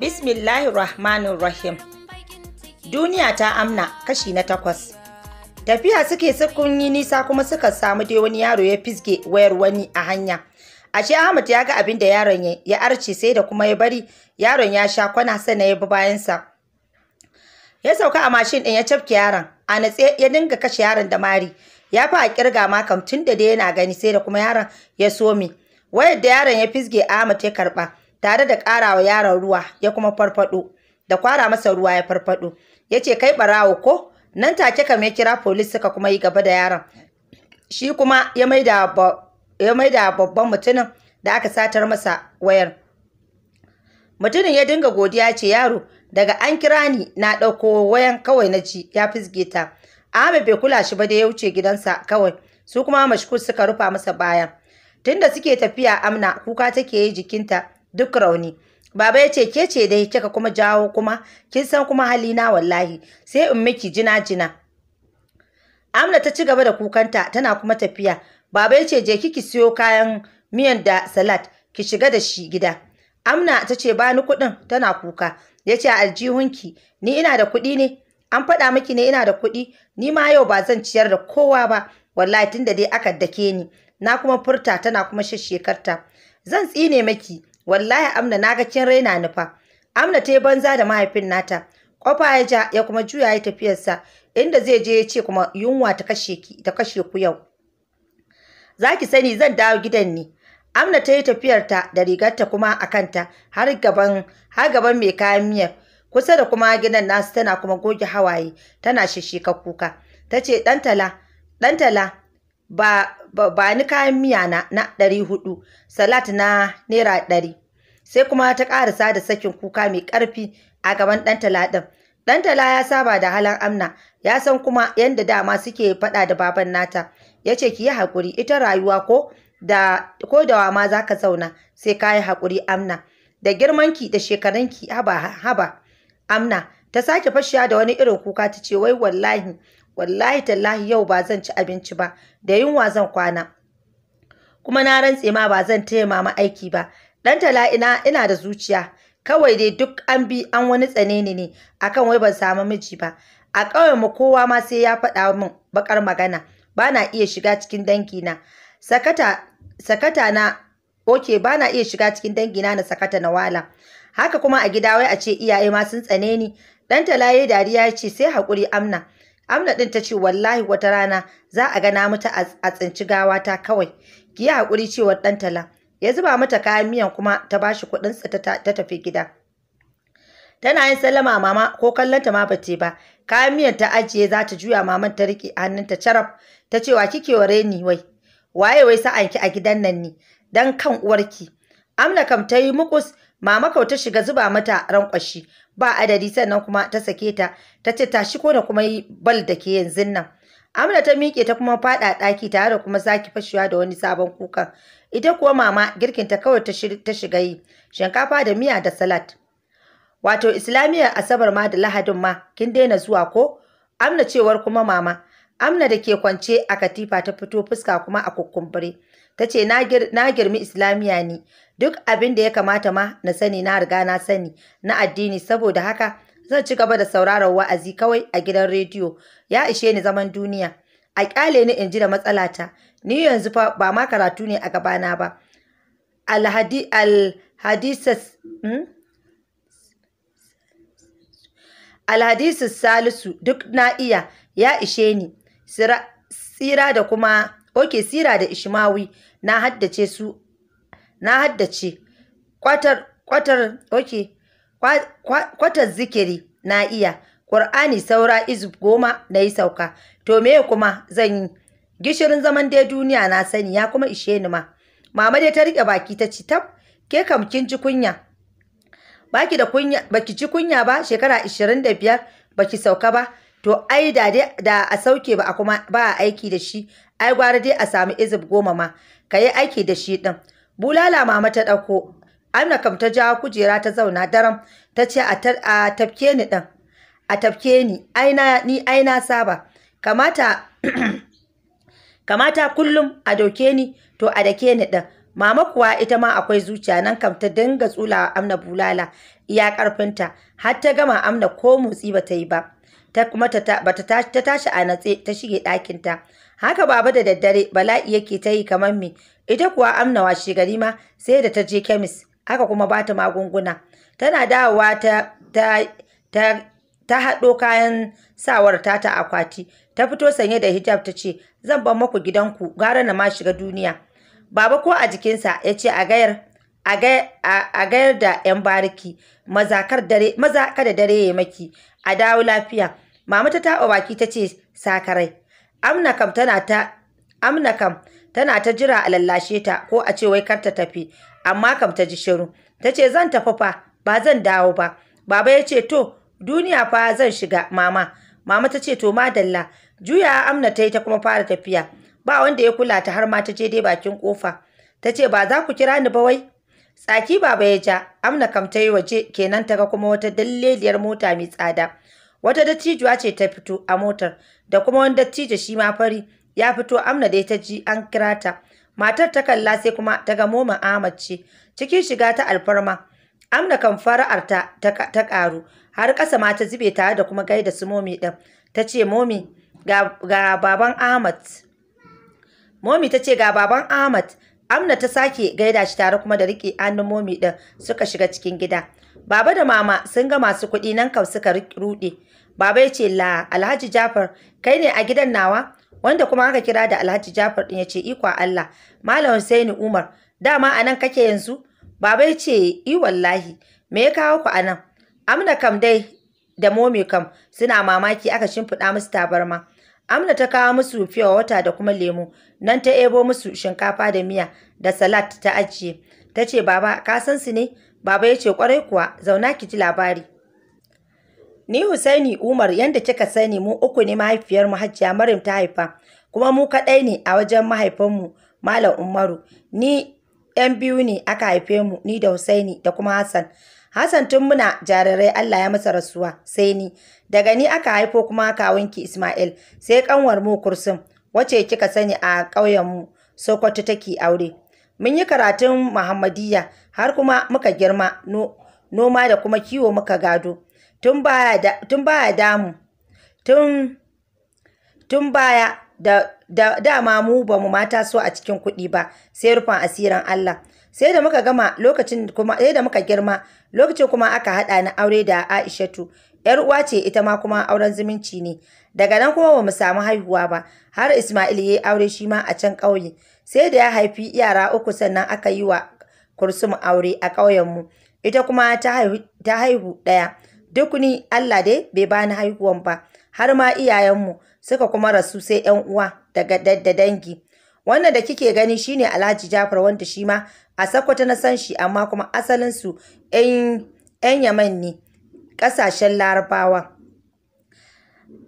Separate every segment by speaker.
Speaker 1: Bismillahirrahmanirrahim. Rahim. Duniya ta amna kashi na takwas. Tafiya suke sukun yi nisa kuma suka samu dai wani yaro ya fisge wayar wani a hanya. Ashe Ahmad ya ga abin da yaron ya ya arce sai da kuma ya bari yaron ya sha kwana sana ya bi bayansa. Ya sauka a mashin ɗin ya cafke yaron, a natse ya dinga kashe yaron da mari. Ya fi a kirga makam tun da dai yana gani sai da kuma yaron ya so me. Wayar da yaron ya fisge Ahmad ya karɓa. tare da ƙarawa yaron ruwa ya kuma farfado da kwara masa ruwa ya farfado ya ce kai ɓarawo ko nan take kam ya kira polis suka kuma yi gaba da yaron shi kuma ya maida babban mutumin da aka satar masa wayar mutumin ya dinga godiya ce yaro daga an kira ni na ɗauko wayan kawai na ji ya fisge ta Ahmed bai kula shi ba da ya wuce gidansa kawai su kuma mashkur suka rufa masa baya tunda suke tafiya amna kuka take yi jikinta duk rauni Baba ya ce ke ce dai kika kuma jawo kuma kin san kuma halina wallahi sai in miki jina jina. Amna ta ci gaba da kukanta tana kuma tafiya. Baba ya ce je kiki siyo kayan miyan da salad ki shiga da shi gida. Amna ta ce ba ni kuɗin tana kuka. Ya ce aljihunki ni ina da kuɗi ne an faɗa miki ne ina da kuɗi ni ma yau ba zan ciyar da kowa ba wallahi tunda dai aka dake ni na kuma furta tana kuma shashekarta. Zan tsine maki wallahi amna naga kin raina ni fa amna ta banza da mahaifin nata kofa ya ja ya kuma juya ya tafiyarsa inda zai je ya ce kuma yunwa ta kashe ki ta kashe ku yau zaki sani zan dawo gidan ni. amna ta yi tafiyarta da rigarta kuma a kanta har gaban har gaban mai kayan miya kusa da kuma gidan nasu tana kuma goge hawaye tana shishika kuka ta ce dan tala! ba, ba, ni kayan miya na na ɗari hudu salat na naira ɗari sai kuma ta ƙarisa da sakin kuka mai ƙarfi a gaban ɗan ɗin. ɗan tala ya saba da halan amna ya san kuma yadda dama suke faɗa da baban nata ya ce ki yi haƙuri ita rayuwa ko da ko da ma za ka zauna sai ka yi haƙuri amna da girmanki da shekarunki haba haba amna ta sake fashiya da wani irin kuka ta ce wai wallahi wallahi tallahi yau ba zan ci abinci ba da yunwa zan kwana kuma na rantse ma ba zan taya mama aiki ba dan tala ina ina da zuciya kawai dai duk an bi an wani tsaneni ne akan wai ban samu miji ba a ƙauyen mu kowa ma sai ya faɗa min bakar magana ba na iya shiga cikin dangina sakata sakata na oke ba na iya shiga cikin dangina na sakata na wala haka kuma a gida wai a ce iyaye ma sun tsane ni dan yayi dariya ya ce sai hakuri amna amna din ta ce wallahi wata rana za a gana mata a tsinci gawata kawai ki yi haƙuri cewa ɗan tala ya zuba mata kayan miyan kuma ta bashi kuɗinsa ta tafi gida tana yin sallama mama ko kallon ta ma bace ba kayan miyan ta ajiye za ta juya maman ta riƙe hannunta carab ta ce wa kike ware ni wai waye wai sa'anki a gidan nan ne dan kan uwarki amna kam ta yi mukus mama kau ta shiga zuba mata rankwashi ba adadi sannan kuma ta sake ta tace tashi ko da kuma yi bal da ke yanzu nan amina ta miƙe ta kuma faɗa ɗaki tare da kuma zaki fashewa da wani sabon kukan ita kuwa mama girkin ta kawai ta shiga yi shinkafa da miya da salad wato islamiyyar asabar ma da lahadin ma kin daina zuwa ko Amina cewar kuma mama Amina da ke kwance a katifa ta fito fuska kuma a kukkumbure ta ce na girmi islamiyya ne duk abin da ya kamata ma na sani na riga na sani na addini saboda haka zan ci gaba da sauraron wa'azi kawai a gidan rediyo ya ishe ni zaman duniya a kyale ni in ji da matsalata ni yanzu fa ba ma karatu ne a gabana ba hmm? alhadisus salisu duk na iya ya ishe ni tsira da kuma oke sira da ishmawi na haddace su na haddace kwatar kwatar oke kwatar zikiri na iya Qur'ani saura izub goma na yi sauka to me kuma zan yi gishirin zaman dai duniya na sani ya kuma ishe ni ma mama dai ta rike baki ta ci tab ke kam kin ji kunya baki da kunya baki ji kunya ba shekara 25 baki sauka ba to ai da da a sauke ba kuma ba a aiki da shi ai gwara dai a sami izib goma ma ka yi aiki da shi ɗin bulala mama ta ɗauko amna kam ta jawo kujera ta zauna daram ta ce a tafke ni ɗin a tafke ni aina ni aina saba kamata kamata kullum a doke ni to a dake ni ɗin mama kuwa ita ma akwai zuciya nan kam ta dinga tsulawa amna bulala iya ƙarfinta har ta gama amna ko motsi ba ta yi ba ta kuma ta tashi a natse ta shige ɗakinta Haka baba da daddare bala'i yake ta yi kamar me, ita kuwa amna shi gari ma sai da ta je kemis, haka kuma ba ta magunguna. Tana dawowa ta, ta, ta, ta haɗo kayan sawar ta ta akwati, ta fito sanye da hijab ta ce, zan bar maku gidanku gara na ma shiga duniya. Baba ko a jikinsa ya ce a gayar a gayar da 'yan bariki maza kada dare ya maki a dawo lafiya mama ta taɓa baki ta ce sakarai amna kam tana ta jira a lallashe ta ko a ce wai kar ta tafi amma kam ta ji shiru ta ce zan tafi fa ba zan dawo ba baba ya ce to duniya fa zan shiga mama mama ta ce to madalla juya amna ta yi ta kuma fara tafiya ba wanda ya kula ta har ma ta je dai bakin kofa ta ce ba za ku kira ni ba wai tsaki baba ya ja amna kam ta yi waje kenan ta ga kuma wata dalleliyar mota mai tsada wata dattijuwa ce ta fito a motar da kuma wani dattijo shi ma fari ya fito amna dai ta ji an kira ta matar ta kalla sai kuma ta ga momin ahmad ce cikin shiga ta alfarma amna kan fara'ar ta ta karu har ƙasa ma ta zube tare da kuma gaida su momi ɗin ta ce momi ga baban ahmad momi ta ce ga baban ahmad amna ta sake gaida shi tare kuma da riƙe hannun momi din suka shiga cikin gida Baba da mama sun ga masu kuɗi nan kam suka ruɗe. Baba ya ce la Alhaji Jafar kai ne a gidan nawa wanda kuma aka kira da Alhaji Jafar din ya ce ikwa Allah Malam Husaini Umar dama a nan kake yanzu Baba ya ce i wallahi me ya kawo ku nan Amna kam dai da Momi kam suna mamaki aka shimfiɗa musu tabarma Amna ta kawo musu fiyawa wata da kuma lemu, nan ta ebo musu shinkafa da miya da salat ta ajiye ta ce baba ka san su ne Baba ya ce kwarai kuwa zauna ki ji labari. Ni Husaini Umar yanda kika sani mu uku ne mahaifiyar mu hajiya Maryam ta haifa kuma mu kaɗai ne a wajen mahaifinmu Malam Umaru. Ni ‘yan biyu ne aka haife mu ni da Husaini da kuma Hassan. Hassan tun muna jarirai Allah ya masa rasuwa sai ni daga ni aka haifo kuma kawunki Ismail sai kanwar mu Kursum wacce kika sani a ƙauyen mu Sokoto take aure Mun yi karatun Muhammadiyya har kuma muka girma noma da kuma kiwo muka gado. Tun baya mu tun baya da dama mu ba mu mata so a cikin kuɗi ba sai rufin asirin Allah. Sai da muka gama lokacin kuma sai da muka girma lokacin kuma aka haɗa na aure da Aishatu. ‘Yar uwa ce ita ma kuma auren zumunci ne. Daga nan kuma ba mu samu haihuwa ba har Ismail ya yi aure shi ma a can ƙauye. sai da ya haifi yara uku sannan aka yi wa kursum aure a ƙauyenmu ita kuma ta haihu ɗaya duk ni Allah dai bai bani haihuwan ba har ma iyayenmu suka kuma rasu sai ‘yan uwa daga da dangi wannan da kike gani shine Alhaji Jafar wanda shi ma a Sokoto na san shi amma kuma asalin su ‘yan Yaman ne kasashen Larabawa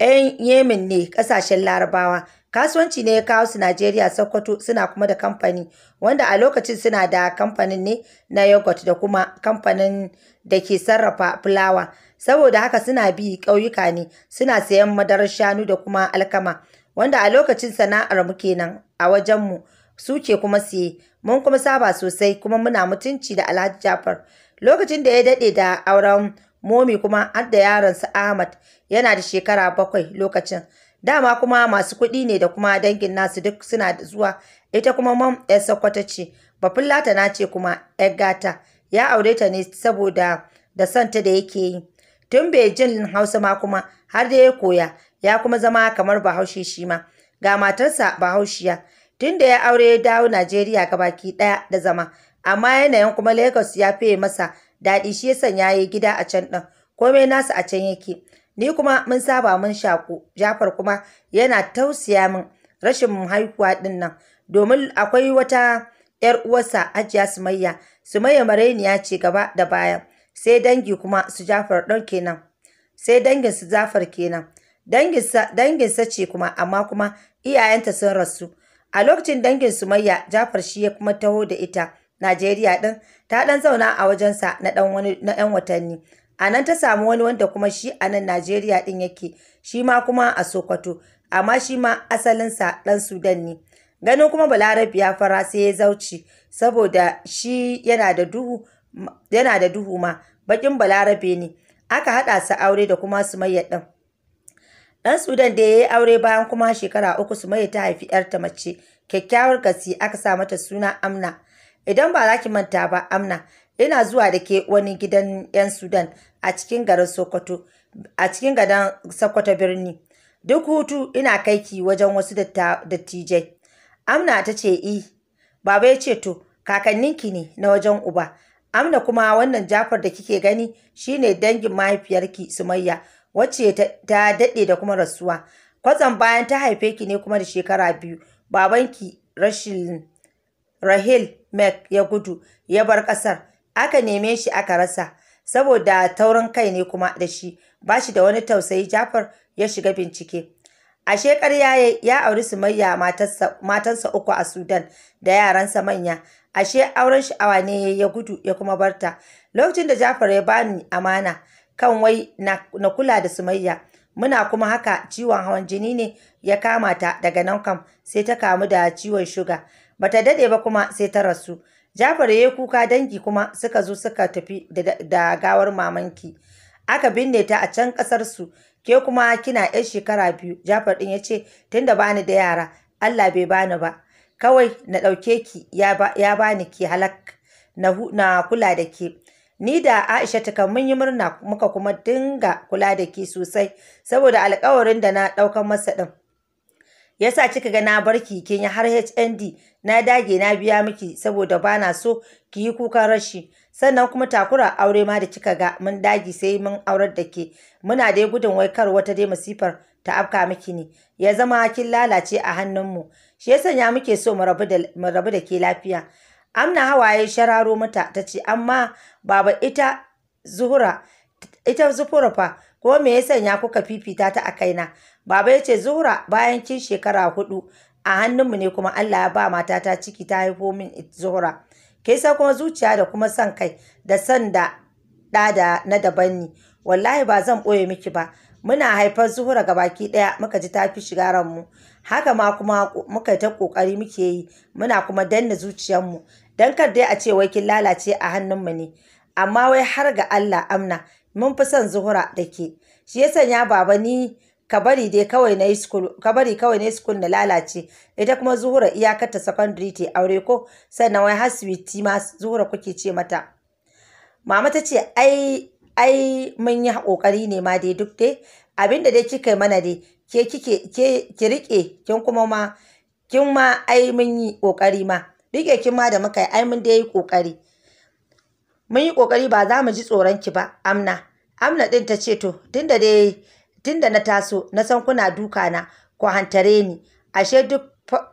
Speaker 1: ‘yan Yemen ne ƙasashen Larabawa Kasuwanci ne ya kawo su Najeriya Sokoto suna kuma da kamfani wanda a lokacin suna da kamfanin ne na yogurt da kuma kamfanin da ke sarrafa fulawa. Saboda haka suna bi ƙauyuka ne suna sayan madarar shanu da kuma alkama wanda a lokacin sana'ar mu kenan a wajenmu suke kuma siye. Mun kuma saba sosai kuma muna mutunci da Alhaji Jafar. Lokacin da ya daɗe da auren Momi kuma har da su Ahmad yana da shekara bakwai lokacin. dama kuma masu kuɗi ne da kuma dangin nasu duk suna zuwa ita kuma mam yar sakwato ce bafullata na ce kuma yar gata ya aure ta ne saboda da santa da yake yi tun bai jin hausa ma kuma har da ya koya ya kuma zama kamar bahaushe shi ma ga matarsa bahaushiya tun da ya aure ya dawo najeriya baki ɗaya da zama amma yanayin kuma lagos ya fiye masa daɗi shi ya sanya ya yi gida a can ɗin komai nasu a can yake ni kuma mun saba mun shaku jafar kuma yana tausiya min rashin haihuwa din nan domin akwai wata ‘yar uwarsa ajiya sumayya sumayya mareniya ce gaba da baya sai dangi kuma su jafar ɗan kenan sai dangin su jafar kenan danginsa ce kuma amma kuma iyayenta sun rasu a lokacin dangin sumayya jafar shi ya kuma taho da ita najeriya din ta ɗan zauna a wajensa na ɗan wani na ‘yan watanni a nan ta samu wani wanda kuma shi a nan Najeriya ɗin yake shi ma kuma a Sokoto amma shi ma asalinsa ɗan Sudan ne ganin kuma Balarabi ya fara sai ya zauci saboda shi yana da duhu yana ma bakin Balarabe ne aka haɗa su aure da kuma Sumayya ɗin ɗan Sudan da ya yi aure bayan kuma shekara uku su Sumayya ta haifi ‘yarta mace kyakkyawar gasi aka sa mata suna Amna idan ba za ki manta ba Amna ina zuwa da ke wani gidan 'yan Sudan a cikin garin Sokoto, a cikin gadan Sokoto birni. Duk hutu ina kaiki wajen wasu dattijai. Amna ta ce i, eh. baba ya ce to, kakanninki ne na wajen uba. Amna kuma wannan jafar da kike gani shine dangin mahaifiyarki Sumayya, wacce ta daɗe da kuma rasuwa. Kwatsam bayan ta haife ki ne kuma da shekara biyu, babanki Rashil Rahil Mek ya gudu ya bar ƙasar. aka neme shi aka rasa saboda taurin kai ne kuma da shi ba shi da wani tausayi jafar ya shiga bincike A ƙarya ya auri sumayya matansa uku a sudan da yaransa manya ashe auren sha'awa ne ya gudu ya kuma barta lokacin da jafar ya bani amana kan wai na kula da sumayya muna kuma haka ciwon hawan jini ne ya kama ta daga nan kam sai ta kamu da ciwon shuga bata dade ba kuma sai ta rasu Jafar ya yi kuka dangi kuma suka zo suka tafi da gawar mamanki. Aka binne ta a can ƙasarsu, ke kuma kina 'yan shekara biyu. Jafar ɗin ya ce, tunda bani da yara, Allah bai bani ba. Kawai na ɗauke ki ya bani ki halak na kula da ke. Ni da Aisha takan mun yi murna muka kuma dinga kula da ke sosai saboda alkawarin da na ɗaukan masa ɗin. yasa kika ga na barki kin har HND na dage na biya miki saboda bana so ki yi kukan rashi sannan kuma takura aure ma da kika ga mun dage sai mun aurar da ke muna dai gudun wai kar wata dai masifar ta afka miki ne ya zama kin lalace a hannunmu shi ya sanya muke so mu rabu da ke lafiya amna hawaye shararo mata tace amma baba ita zuhura ita zufura fa ko me ya sanya kuka fifita ta a kaina baba ya ce zuhura! bayan kin shekara hudu a hannunmu ne kuma allah ya ba matata ciki ta haifo min zuhra ke sa kuma zuciya da kuma son kai da son da da na daban ni. wallahi ba zan ɓoye miki ba muna haifar zuhura ga baki ɗaya muka ji tafi shiga ranmu haka ma kuma muka ta ƙoƙari muke yi muna kuma danna zuciyarmu don kar dai a ce wai kin lalace a hannunmu ne amma wai har ga Allah amna mun fi son zuhura da ke shi ya sanya baba ni ka bari dai kawai na school ka bari kawai na lalace ita kuma zuhura iyakar ta secondary ta aure ko sannan wai haswiti ma zuhura kuke ce mata mama ta ce ai mun yi kokari ne ma dai duk dai abinda dai kika yi mana dai ke kike ke ki rike kin kuma ma kin ma ai mun yi kokari ma rike kin ma da muka yi ai mun dai yi kokari mun yi ƙoƙari ba za mu ji tsoron ki ba amna amna ɗin ta ce to tunda dai tunda na taso na san kuna duka na ku hantare ni ashe duk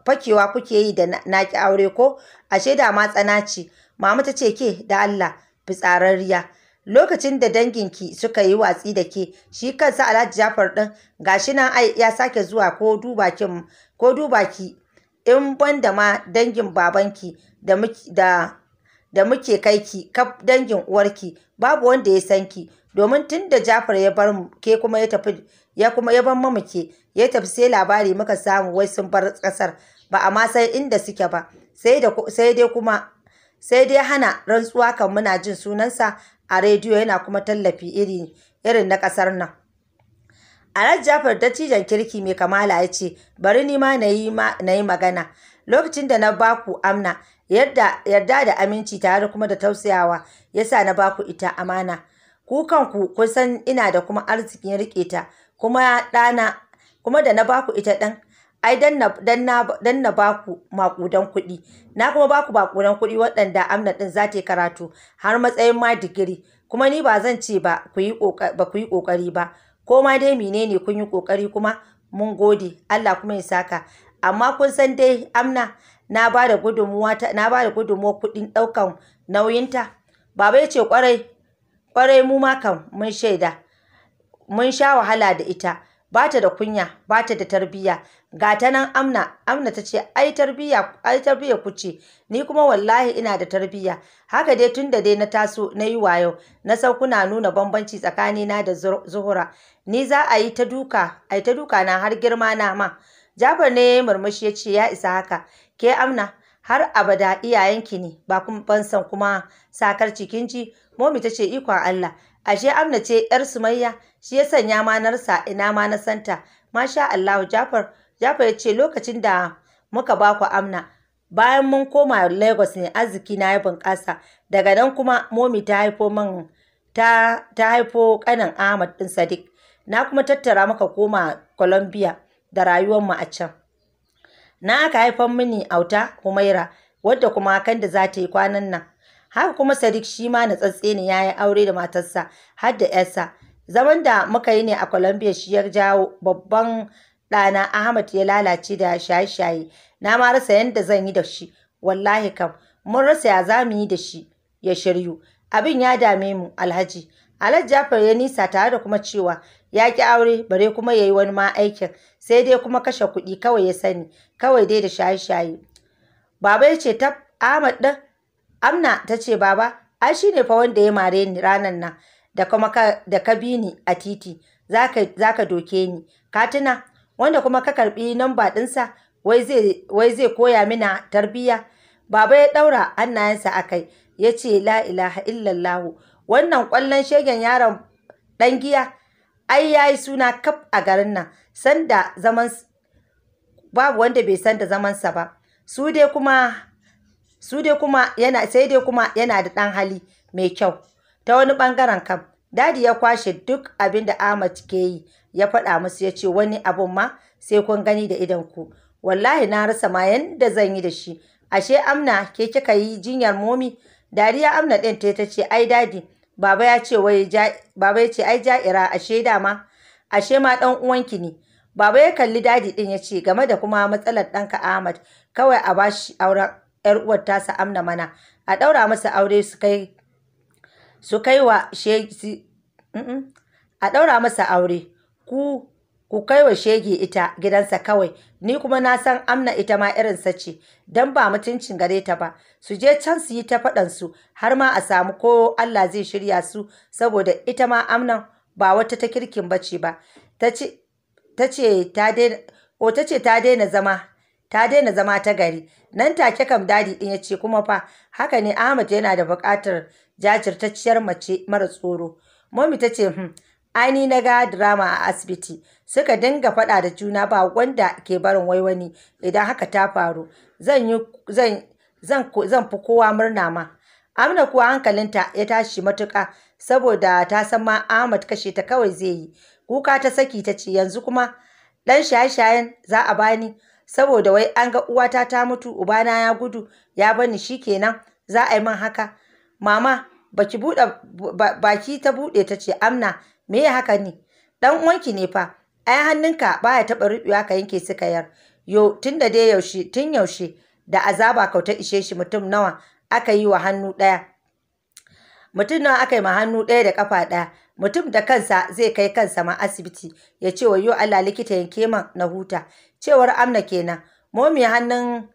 Speaker 1: fakewa kuke yi da naki aure ko ashe da ma tsana ce mama ta ce ke da Allah fitsararriya lokacin da danginki suka yi watsi da ke shi kansa Alhaji Jafar din gashi nan ai ya sake zuwa ko duba ki ko duba ki in banda ma dangin babanki da da da muke kai ki kaf dangin uwarki babu wanda ya san ki domin tun da Jafar ya bar mu ke kuma ya tafi ya kuma ya bar mu ke ya tafi sai labari muka samu wai sun bar kasar ba a ma inda suke ba sai da sai dai kuma sai dai hana rantsuwa kan muna jin sunansa a rediyo yana kuma tallafi iri irin na kasar nan Alhaji Jafar dattijan kirki mai kamala ya ce bari ni ma na yi magana lokacin da na baku amna yadda yarda da aminci tare kuma da tausayawa yasa na baku ita amana ku kanku kun san ina da kuma arzikin rike ta kuma ɗana kuma da na baku ita ɗan ai dan na dan na dan na baku makudan kuɗi na kuma baku makudan kuɗi waɗanda amna ɗin za ta karatu har matsayin ma digiri kuma ni ba zan ce ba ku yi ba ku yi kokari ba ko ma dai menene kun yi kokari kuma mun gode Allah kuma ya saka amma kun san dai amna na ba da gudunmuwa kuɗin ɗaukan nauyinta? Baba ya ce ƙwarai mu ma kam mun shaida, mun sha wahala da ita, ba ta da kunya, ba ta da tarbiyya. Ga ta nan amna, amna ta ce ai tarbiyya, ai tarbiyya ku ce, ni kuma wallahi ina da tarbiyya. Haka dai tun da dai na taso na yi wayo, na san kuna nuna bambanci tsakanina da zuhura. Ni za a yi ta duka, a ta duka na har girma na ma. Jafar ne ya murmushi ya ce ya isa haka, ke amna har abada iyayenki ne ba kuma bansan kuma sakar cikin ji momi tace ce ikon Allah ashe amna ce yar sumayya shi ya sanya manarsa ina ma na santa masha Allah Jafar Jafar ya ce lokacin da muka ba ku amna bayan mun koma Lagos ne arziki na ya bunƙasa daga nan kuma momi ta haifo man ta ta haifo kanin Ahmad din Sadiq na kuma tattara maka koma Colombia da rayuwar mu a can Na aka haifan mini auta Humaira wadda kuma da za ta yi kwanan nan. Haka kuma Sadiq shi ma na tsatse ne ya yi aure da matarsa har da ‘yarsa. Zaman da muka yi ne a Colombia shi ya jawo babban ɗana Ahmad ya lalace da shaye-shaye. Na ma rasa yadda zan yi da shi. Wallahi kam, mun rasa ya za mu yi da shi ya shiryu. Abin ya dame mu Alhaji. Alhaji Jafar ya nisa tare da kuma cewa ya ki aure bare kuma ya yi wani ma aikin sai dai kuma kashe kuɗi kawai ya sani kawai dai da shaye-shaye. Baba ya ce tab Ahmad ɗin Amna ta ce baba ai shi ne fa wanda ya mare ni ranar nan da kuma da ka bi ni a titi za ka doke ni katina wanda kuma ka karɓi namba ɗinsa wai zai koya mina tarbiyya baba ya ɗaura hannayensa a kai ya ce la ilaha illallahu wannan ƙwallon shegen yaron ɗan giya ai ya yi suna kaf a garin nan sanda zaman babu wanda bai san da zamansa ba su dai kuma su dai kuma yana sai dai kuma yana da ɗan hali mai kyau ta wani ɓangaren kam dadi ya kwashe duk abin da ahmad ke yi ya faɗa musu ya ce wani abun ma sai kun gani da idan ku wallahi na rasa ma yanda zan yi da shi ashe amna ke kika yi jinyar momi dariya amna ɗin tace ai dadi Baba ya ce wai baba ya ai ja'ira ashe dama ashe ma dan uwanki ne. Baba ya kalli dadi din ya ce game da kuma matsalar ɗanka Ahmad kawai a bashi auren ‘yar uwar tasa amna mana a ɗaura masa aure su kai su kai wa a ɗaura masa aure ku ku kai wa shege ita gidansa kawai ni kuma na san amna ita ma irinsa ce don ba mutuncin gare ta ba su je can su yi ta su, har ma a samu ko Allah zai shirya su saboda ita ma Amna ba wata ta kirkin bace ba ta ce ta daina zama ta daina zama ta gari nan take kam dadi din ya ce kuma fa haka ne Ahmad yana da buƙatar jajirtacciyar mace mara tsoro Mami ta ce, hmm, Ani na ga drama a asibiti suka dinga faɗa da juna ba wanda ke barin wai wani idan haka ta faru zan fi kowa murna ma. Amina kuwa hankalinta ya tashi matuka, saboda ta san ma Ahmad kashe ta kawai zai yi. Kuka ta saki ta ce yanzu kuma ɗan shaye-shayen za a bani saboda wai an ga uwata ta mutu ubana ya gudu ya bani shi kenan za a yi min haka. Mama baki buɗe baki ta buɗe ta ce Amna me ya haka ne? dan uwanki ne fa ai hannunka baya taɓa rubewa ka yanke suka yar yo tun yaushe tun yaushe da azaba kauta ishe shi mutum nawa aka yi wa hannu ɗaya mutum nawa aka yi ma hannu ɗaya da kafa ɗaya mutum da kansa zai kai kansa ma asibiti ya ce wa yo Allah likita yanke man na huta cewar amna kenan momi hannun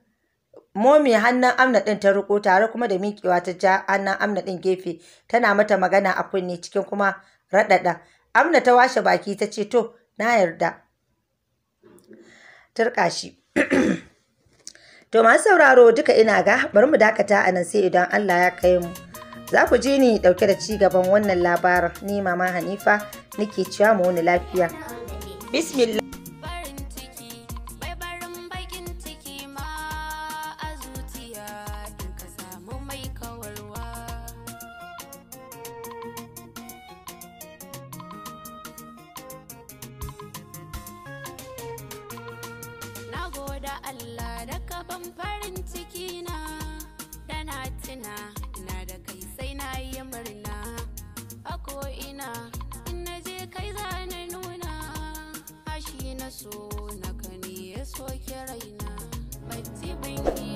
Speaker 1: momi hannun amna ɗin ta riko tare kuma da miƙewa ta ja hannun amna ɗin gefe tana mata magana a kunne cikin kuma raɗaɗa amna ta washe baki ta ce to na yarda turka shi to masu sauraro duka ina ga bari mu dakata a nan sai idan Allah ya kai mu za ku je ni ɗauke da cigaban wannan labarin ni mama Hanifa nake cewa mu wani lafiya bismillah Allah da ban farin ciki na tana tina tuna na da kai sai na yi murna a ina in na je kai za na nuna ashi na so na kani ya soke raina bacci ban